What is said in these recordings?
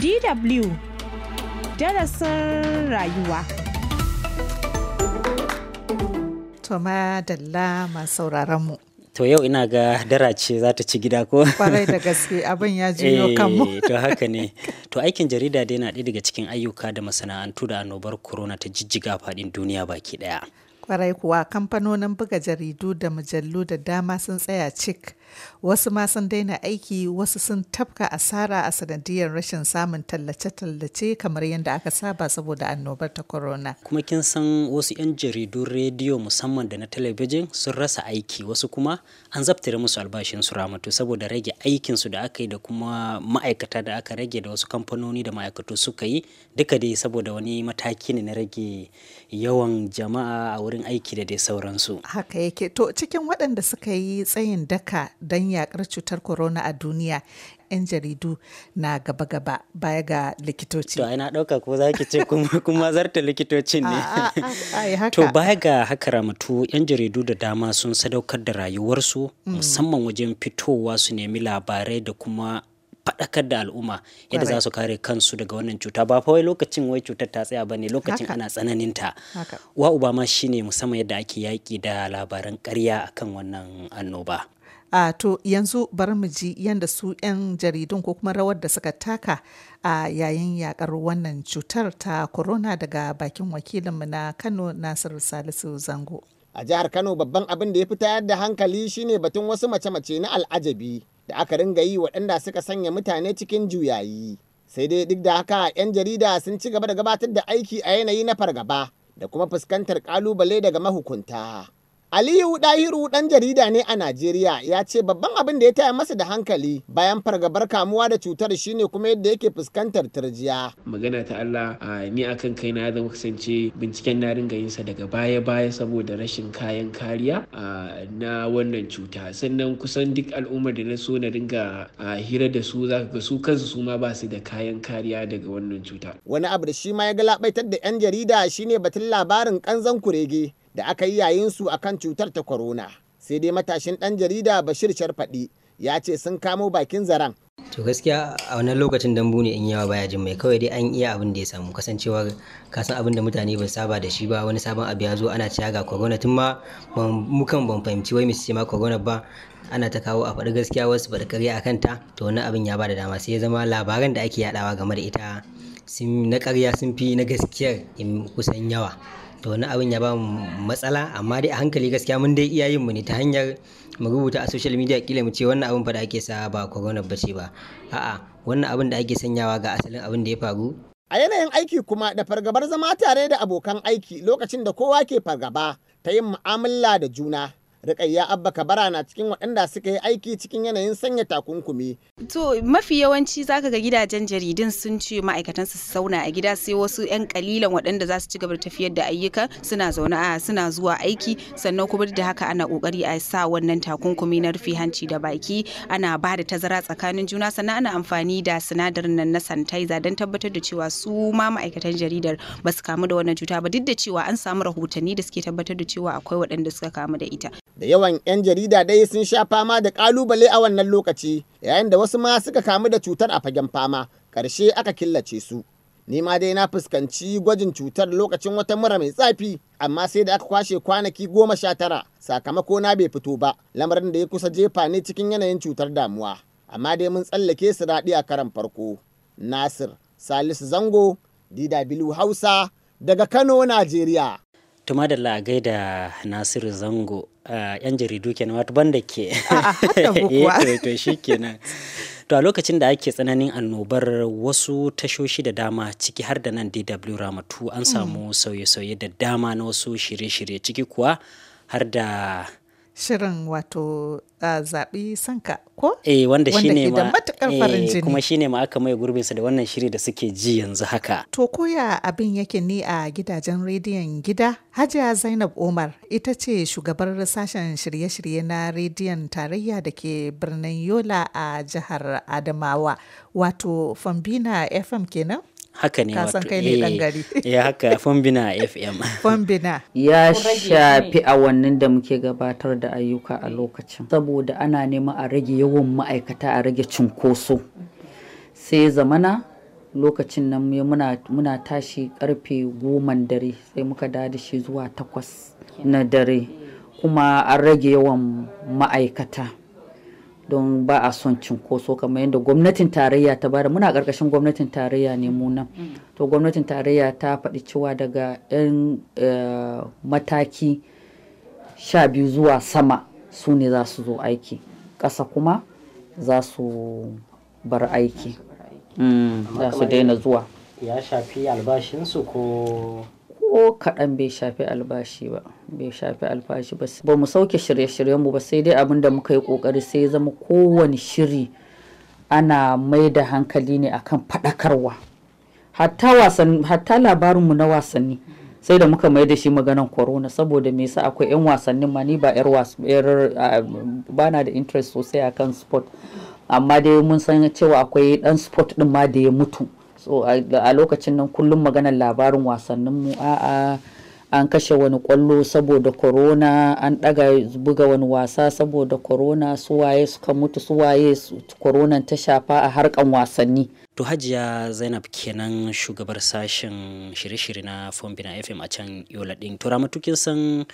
DW darasin rayuwa. to ma Dalla masu sauraron mu. To yau ina ga dara ce za ta ci gida ko? Kwarai da gaske abin ya jiyo eh, kanmu. to haka ne. To aikin jarida dai na ɗaya daga cikin ayyuka da masana'antu da annobar corona ta jijjiga faɗin duniya baki ɗaya. Kwarai kuwa kamfanonin buga jaridu da mujallu da dama sun tsaya cik, wasu ma sun daina aiki wasu sun tafka asara a sanadiyar rashin samun tallace-tallace kamar yadda aka saba saboda annobar ta corona. Kuma kin san wasu 'yan jaridun rediyo musamman da na talabijin sun rasa aiki wasu kuma an zaftare musu albashin su ramatu saboda rage aikinsu da aka yi da kuma ma'aikata da aka rage da wasu kamfanoni da ma'aikatu suka yi duka dai saboda wani mataki ne na rage yawan jama'a a wurin aiki da dai sauransu. Haka yake to cikin waɗanda suka yi tsayin daka don yakar cutar corona a duniya 'yan jaridu na gaba-gaba baya ga likitoci. To, ina ɗauka ko za ki ce kuma zarta likitocin ne. To, baya ga haka ramatu 'yan jaridu da dama sun sadaukar da rayuwarsu mm. musamman wajen fitowa su nemi labarai da kuma faɗakar da al'umma yadda za su kare kansu daga wannan cuta ba fa wai lokacin wai cutar ta tsaya bane lokacin ana tsananin ta wa uba ma shine musamman yadda ake yaki da labaran ƙarya akan wannan annoba a to yanzu bari mu ji yadda su 'yan jaridun ko kuma rawar da suka taka a yayin yakar wannan cutar ta corona daga bakin wakilinmu na kano nasiru salisu zango a jihar kano babban abin da ya fi tayar da hankali shine batun wasu mace-mace na al'ajabi da aka ringa yi waɗanda suka sanya mutane cikin juyayi sai dai duk da haka 'yan jarida sun ci gaba da gabatar da aiki a yanayi na fargaba da kuma fuskantar ƙalubale daga mahukunta. Aliyu Dahiru ɗan jarida ne a Najeriya ya ce babban abin da ya taya masa da hankali bayan fargabar kamuwa da cutar shine kuma yadda yake fuskantar tarjiya. Magana ta Allah ni akan kai na zama kasance binciken na ringa yin sa daga baya baya saboda rashin kayan kariya na wannan cuta sannan kusan duk al'ummar da na so na ringa hira da su za ga su kansu su ma ba su da kayan kariya daga wannan cuta. Wani abu da shi ma ya galabaitar da 'yan jarida shine batun labarin kanzan kurege da aka yi yayin su akan cutar ta corona sai dai matashin ɗan jarida bashir sharfadi ya ce sun kamo bakin zaren to gaskiya a wannan lokacin dambu ne in yawa baya jin mai kawai dai an iya abin da ya samu kasancewa kasan abin da mutane ba saba da shi ba wani sabon abu ya zo ana cewa ga corona tun ma mukan ban fahimci wai mace ma corona ba ana ta kawo a faɗi gaskiya wasu da karya a kanta to wannan abin ya bada dama sai ya zama labaran da ake yadawa game da ita na karya sun fi na gaskiyar kusan yawa to wani abin ya ba mu matsala amma dai a hankali gaskiya mun dai iyayen mu ne ta hanyar mu rubuta a social media kila mu ce wannan abin fa da ake sa ba corona ba ce ba a'a wannan abin da ake sanyawa ga asalin abin da ya faru a yanayin aiki kuma da fargabar zama tare da abokan aiki lokacin da kowa ke fargaba ta yin mu'amala da juna Rikayya Abba Kabara na cikin waɗanda suka yi aiki cikin yanayin sanya takunkumi. To mafi yawanci zaka ga gidajen jaridun sun ce ma'aikatan su sauna a gida sai wasu 'yan kalilan waɗanda za su ci gaba da tafiyar da ayyuka suna zaune a suna zuwa aiki sannan kuma da haka ana kokari a sa wannan takunkumi na rufe hanci da baki ana ba da tazara tsakanin juna sannan ana amfani da sinadarin nan na sanitizer don tabbatar da cewa su ma ma'aikatan jaridar ba su kamu da wannan cuta ba duk da cewa an samu rahotanni da suke tabbatar da cewa akwai waɗanda suka kamu da ita. da yawan 'yan jarida dai sun sha fama da kalubale a wannan lokaci yayin da wasu ma suka kamu da cutar a fagen fama ƙarshe aka killace su ni ma dai na fuskanci gwajin cutar lokacin wata mura mai tsafi amma sai da aka kwashe kwanaki goma sha tara sakamako na bai fito ba lamarin da ya kusa jefa ne cikin yanayin cutar damuwa amma dai mun tsallake su daɗi a karan farko nasir salisu zango dida bilu hausa daga kano najeriya To madalla a gaida Nasiru Zango yan jaridu kenan wato banda ke. Eh, to shi kenan. To a lokacin da ake tsananin annobar wasu tashoshi da dama ciki har da nan DW Ramatu an mm. samu sauye-sauye da dama na wasu shirye-shirye ciki kuwa har da shirin wato a zaɓi sanka ko? Eh, wanda shi ne ma eh, kuma shi ne ma aka mai gurbinsa da wannan shiri da suke ji yanzu haka. To koya abin yake ni a gidajen rediyon gida Hajiya Zainab Omar ita ce shugabar sashen shirye-shirye na rediyon tarayya da ke birnin Yola a jihar Adamawa wato Fambina FM kenan? haka ne wato ne eh, gari ya haka fombina fm fombina ya shafi awannin da muke gabatar da ayyuka a lokacin saboda ana nema a rage yawan ma'aikata a rage cinkoso sai zamana lokacin nan muna, tashi karfe goman dare sai muka dada shi zuwa takwas na dare kuma an rage yawan ma'aikata don ba a son cinkoso kamar yadda gwamnatin tarayya ta bada muna ƙarƙashin gwamnatin tarayya ne mu mm. to gwamnatin tarayya ta faɗi cewa daga 'yan eh, mataki sha biyu zuwa sama su ne za su zo aiki ƙasa kuma za su bar aiki za su mm, daina zuwa ya shafi albashinsu ko ko kaɗan bai shafi albashi ba bai shafi albashi ba ba mu sauke shirye-shiryenmu ba sai dai abin da muka yi kokari sai zama kowane shiri ana mai da hankali ne akan faɗakarwa hatta labarin mu na wasanni sai da muka mai da shi maganan corona saboda me yasa akwai 'yan wasannin ma ni ba 'yar ba na da interest sosai akan sport amma dai mun san cewa akwai dan sport din ma da ya mutu so a lokacin nan kullum maganar labarin wasanninmu a'a an kashe wani kwallo saboda corona an daga buga wani wasa saboda corona suwaye suka mutu suwaye corona ta shafa a harkan wasanni to hajiya zainab kenan shugabar sashen shirye-shirye na fombina fm a can yola din tura matukin san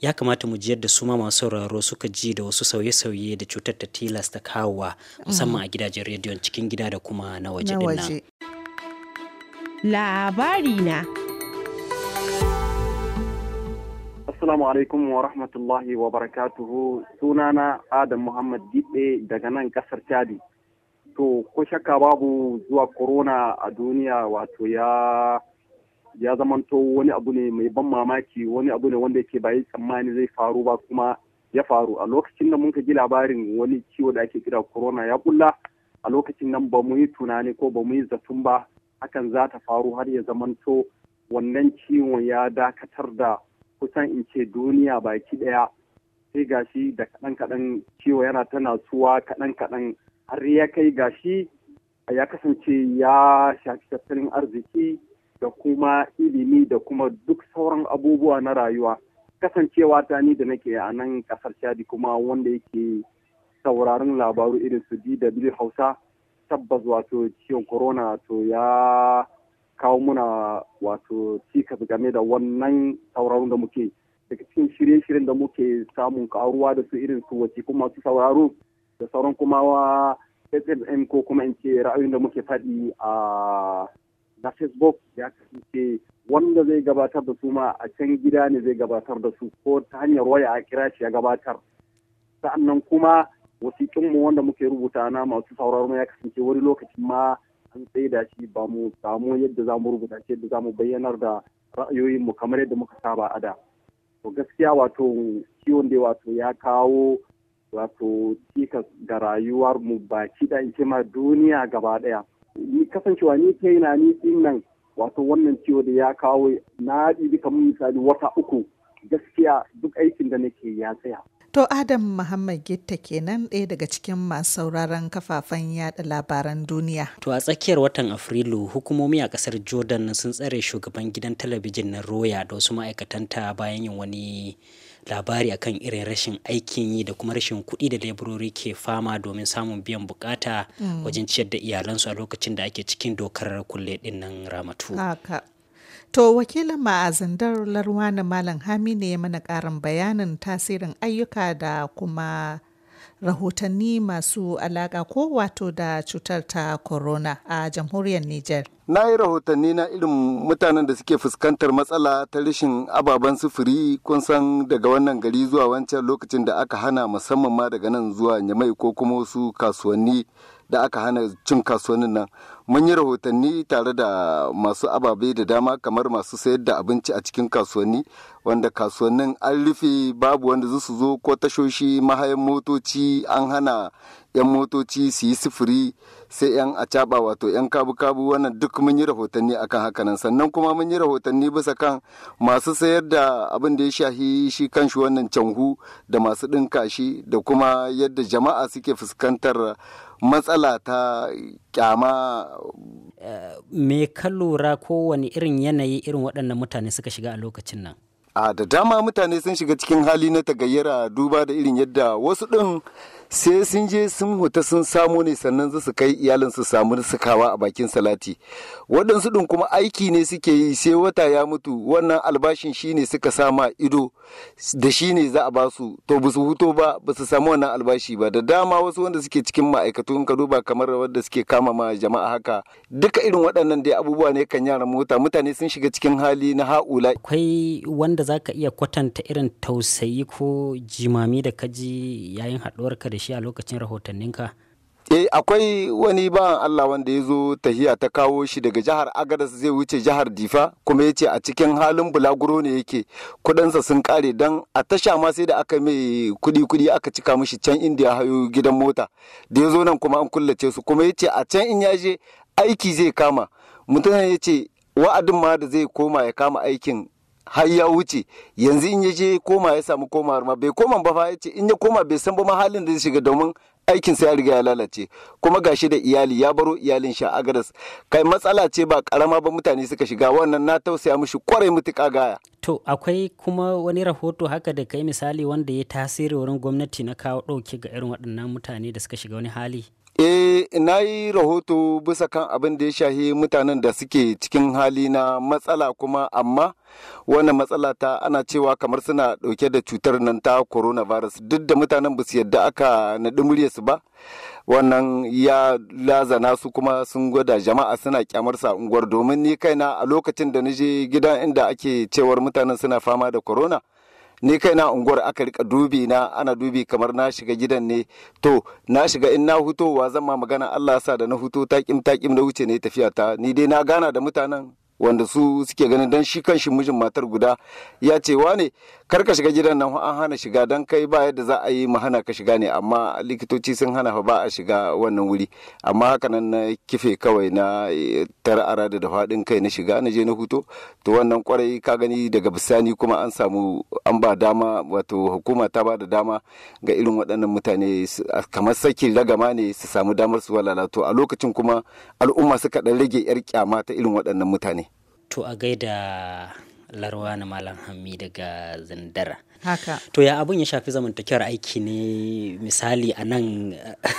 ya kamata mu jiyar da su ma masu sauraro suka ji da wasu sauye-sauye da cutar ta tilasta kawowa musamman a gidajen rediyon cikin gida da kuma na waje din labarina na. Assalamu alaikum wa rahmatullahi wa barakatuhu sunana Adam Muhammad Dibbe daga nan kasar Chadi. To, ko shakka babu zuwa corona a duniya wato ya ya zamanto wani abu ne mai ban mamaki wani abu ne wanda yake bayi tsammani zai faru ba kuma ya faru a lokacin da muka ji labarin wani ciwo da ake kira corona ya kulla a lokacin nan ba mu yi tunani ko ba mu yi zaton ba hakan za ta faru har ya zamanto wannan ciwon ya dakatar da kusan in ce duniya baki ɗaya sai gashi da kaɗan-kaɗan ciwo yana tana suwa kaɗan-kaɗan har ya kai gashi ya kasance ya shafi tattalin arziki da kuma ilimi da kuma duk sauran abubuwa na rayuwa kasancewa ta ni da nake a nan kasar shadi kuma wanda yake sauraron labaru irin su DW Hausa tabbas wato ciwon corona to ya kawo muna wato cikas game da wannan sauraron da muke daga cikin shirye-shiryen da muke samun karuwa da su irin su kuma su sauraro da sauran kuma wa SMM ko kuma in ce ra'ayoyin da muke faɗi a na Facebook ya kasance wanda zai gabatar da su ma a can gida ne zai gabatar da su ko ta hanyar waya a kira shi ya gabatar. Sa'annan kuma mu wanda muke rubuta na masu sauraron ya kasance wani lokaci ma an da shi ba mu samu yadda za mu rubuta shi yadda za mu bayyanar da ra'ayoyin mu kamar yadda muka saba a da to gaskiya wato ciwon da wato ya kawo wato cikas ga rayuwar mu baki da ke ma duniya gaba daya ni kasancewa ni kaina ni din nan wato wannan ciwo da ya kawo na ɗibi kamar misali wata uku gaskiya duk aikin da nake ya tsaya To Adam Muhammad Gitta kenan ɗaya daga cikin masu sauraron kafafen yada labaran duniya. To a tsakiyar watan Afrilu hukumomi a ƙasar Jordan sun tsare shugaban gidan talabijin na Roya da wasu ma'aikatanta bayan yin wani labari akan irin rashin aikin yi da kuma rashin kuɗi da laborori ke fama domin samun biyan bukata mm. wajen ciyar da iyalansu a lokacin da ake cikin dokar kulle ɗin nan ramatu. To wakilin ma'azindar na Malam Hami ne ya mana ƙarin bayanin tasirin ayyuka da kuma rahotanni masu alaƙa ko wato da cutar ta corona a jamhuriyar Nijar. Na yi rahotanni na irin mutanen da suke fuskantar matsala ta rashin ababen sufuri kun san daga wannan gari zuwa wancan lokacin da aka hana musamman ma daga nan zuwa nyamai ko kuma wasu kasuwanni da aka hana cin kasuwannin nan. mun yi rahotanni tare da masu ababe da dama kamar masu sayar da abinci a cikin kasuwanni wanda kasuwannin an rufe babu wanda su zo ko tashoshi mahayan motoci an hana 'yan motoci su yi sufuri sai 'yan acaba wato 'yan kabu-kabu wannan duk mun yi rahotanni akan hakanan sannan kuma mun yi rahotanni bisa kan masu sayar da abin da ya shahi shi kanshi wannan canhu da masu ɗinka shi da kuma yadda jama'a suke fuskantar matsala ta kyama eh, me ka lura kowane irin yanayi irin waɗannan mutane suka shiga a lokacin nan a da dama mutane sun shiga cikin hali na tagayyara duba da irin yadda wasu ɗin sai sun je sun huta sun samu ne sannan za su kai iyalin su samu sukawa a bakin salati waɗansu ɗin kuma aiki ne suke yi sai wata ya mutu wannan albashin shi ne suka sama ido da shi ne za a ba su to ba su huto ba ba su samu wannan albashi ba da dama wasu wanda suke cikin ma'aikatu in ka duba kamar wanda suke kama ma jama'a haka duka irin waɗannan dai abubuwa ne kan yara mota mutane sun shiga cikin hali na ha'ula akwai wanda zaka iya kwatanta irin tausayi ko jimami da kaji yayin haɗuwar ka da shi a lokacin rahotanninka eh akwai wani bawan Allah wanda ya zo tahiya ta kawo shi daga jihar Agadas zai wuce jihar Difa kuma ya ce a cikin halin bulaguro ne yake kudansa sun kare dan a tasha ma sai da aka mai kudi kudi aka cika mishi can inda ya hayo gidan mota da ya zo nan kuma an kullace su kuma ya ce a can in ya je aiki zai kama mutum ya ce wa'adin ma da zai koma ya kama aikin har ya wuce yanzu in ya je koma ya samu koma ma bai koma ba fa ya ce in ya koma bai san ba ma halin da zai shiga domin aikin sai ya riga ya lalace kuma gashi da iyali ya baro iyalin shi a garas kai matsala ce ba karama ba mutane suka shiga wannan na tausaya mushi kwarai mutuka gaya to akwai kuma wani rahoto haka da kai misali wanda ya tasiri wurin gwamnati na kawo ɗauke ga irin waɗannan mutane da suka shiga wani hali Eh, na yi rahoto bisa kan abin da ya shahi mutanen da suke cikin hali na matsala kuma amma wannan matsala ta ana cewa kamar suna ɗauke da cutar nan ta coronavirus duk da mutanen ba su yadda aka naɗi muryarsu ba wannan ya lazana su kuma sun gwada jama'a suna kyamar sa unguwar domin ni kaina a lokacin da na je gidan inda ake cewar mutanen suna fama da corona ni kai na unguwar aka rika dubi na ana dubi kamar na shiga gidan ne to na shiga in na hutowa zan ma magana Allah sa da na huto takim takim da wuce ne tafiya ta ni dai na gana da mutanen wanda su suke ganin dan shi kan shi mijin matar guda ya ce wane kar ka shiga gidan nan an hana shiga don kai ba yadda za a yi mu hana ka shiga ne amma likitoci sun hana fa ba a shiga wannan wuri amma haka nan na kife kawai na eh, arada da faɗin kai na shiga na je na huto to wannan kwarai ka gani daga bisani kuma an samu an ba dama wato hukuma ta ba da dama ga irin waɗannan mutane kamar sakin ragama ne su samu damar su walala a lokacin kuma al'umma suka ɗan rage 'yar kyama ta irin waɗannan mutane to a gaida na Malam Hammi daga Zandara. haka to ya abun ya shafi zamantakewar aiki ne misali a nan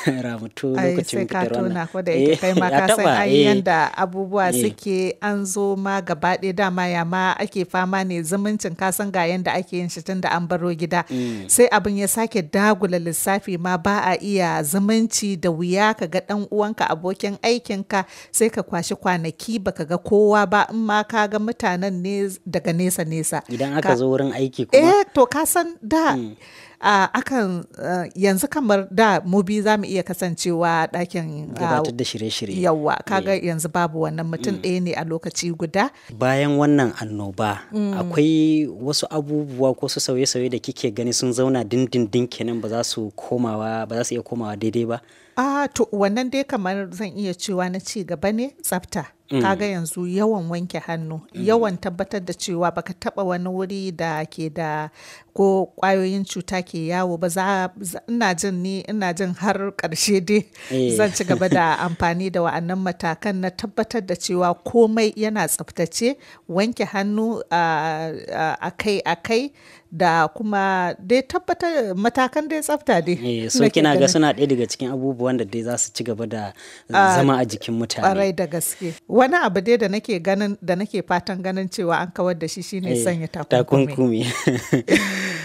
ramutu lokacin fitar wannan ko da yake kai ma eh, ka san ai eh. yanda abubuwa eh. suke an zo ma gaba ɗaya dama ya ma ake fama ne zumuncin ka san ga yanda ake yin shi tun da an baro gida mm. sai abun ya sake dagula lissafi ma ba a iya zumunci da wuya ka ga dan uwanka abokin aikinka sai ka kwashi kwanaki baka ga kowa ba in ma ka ga mutanen ne daga nesa nesa idan aka zo wurin aiki kuma to kasan da mm. akan yanzu kamar da mobi za mu iya kasancewa ɗakin gabatar da shirye-shirye yawa kaga mm. yanzu babu wannan mutum mm. ɗaya ne a lokaci guda bayan wannan annoba akwai wasu abubuwa ko su sauye-sauye da kike gani sun zauna dindindin kenan ba za su komawa ba za su iya komawa daidai ba ah, to wannan dai kamar zan iya cewa na ci gaba ne tsafta Mm. Ka ga yanzu yawan wanke hannu mm. yawan tabbatar da cewa baka taba wani wuri da ke da ko kwayoyin cuta ke yawo ba za ina jin ni ina jin har karshe dai eh. zan ci gaba da amfani da wa'annan matakan na tabbatar da cewa komai yana tsaftace wanke hannu a kai a kai da kuma dai tabbatar matakan dai tsafta dai. Eh, so kina ga suna ɗaya daga cikin abubuwan da dai za su ci gaba da zama a jikin mutane. Ƙwarai da gaske. Wani abu dai da nake ganin da nake fatan ganin cewa an kawar da shi shine eh, sanya Takunkumi.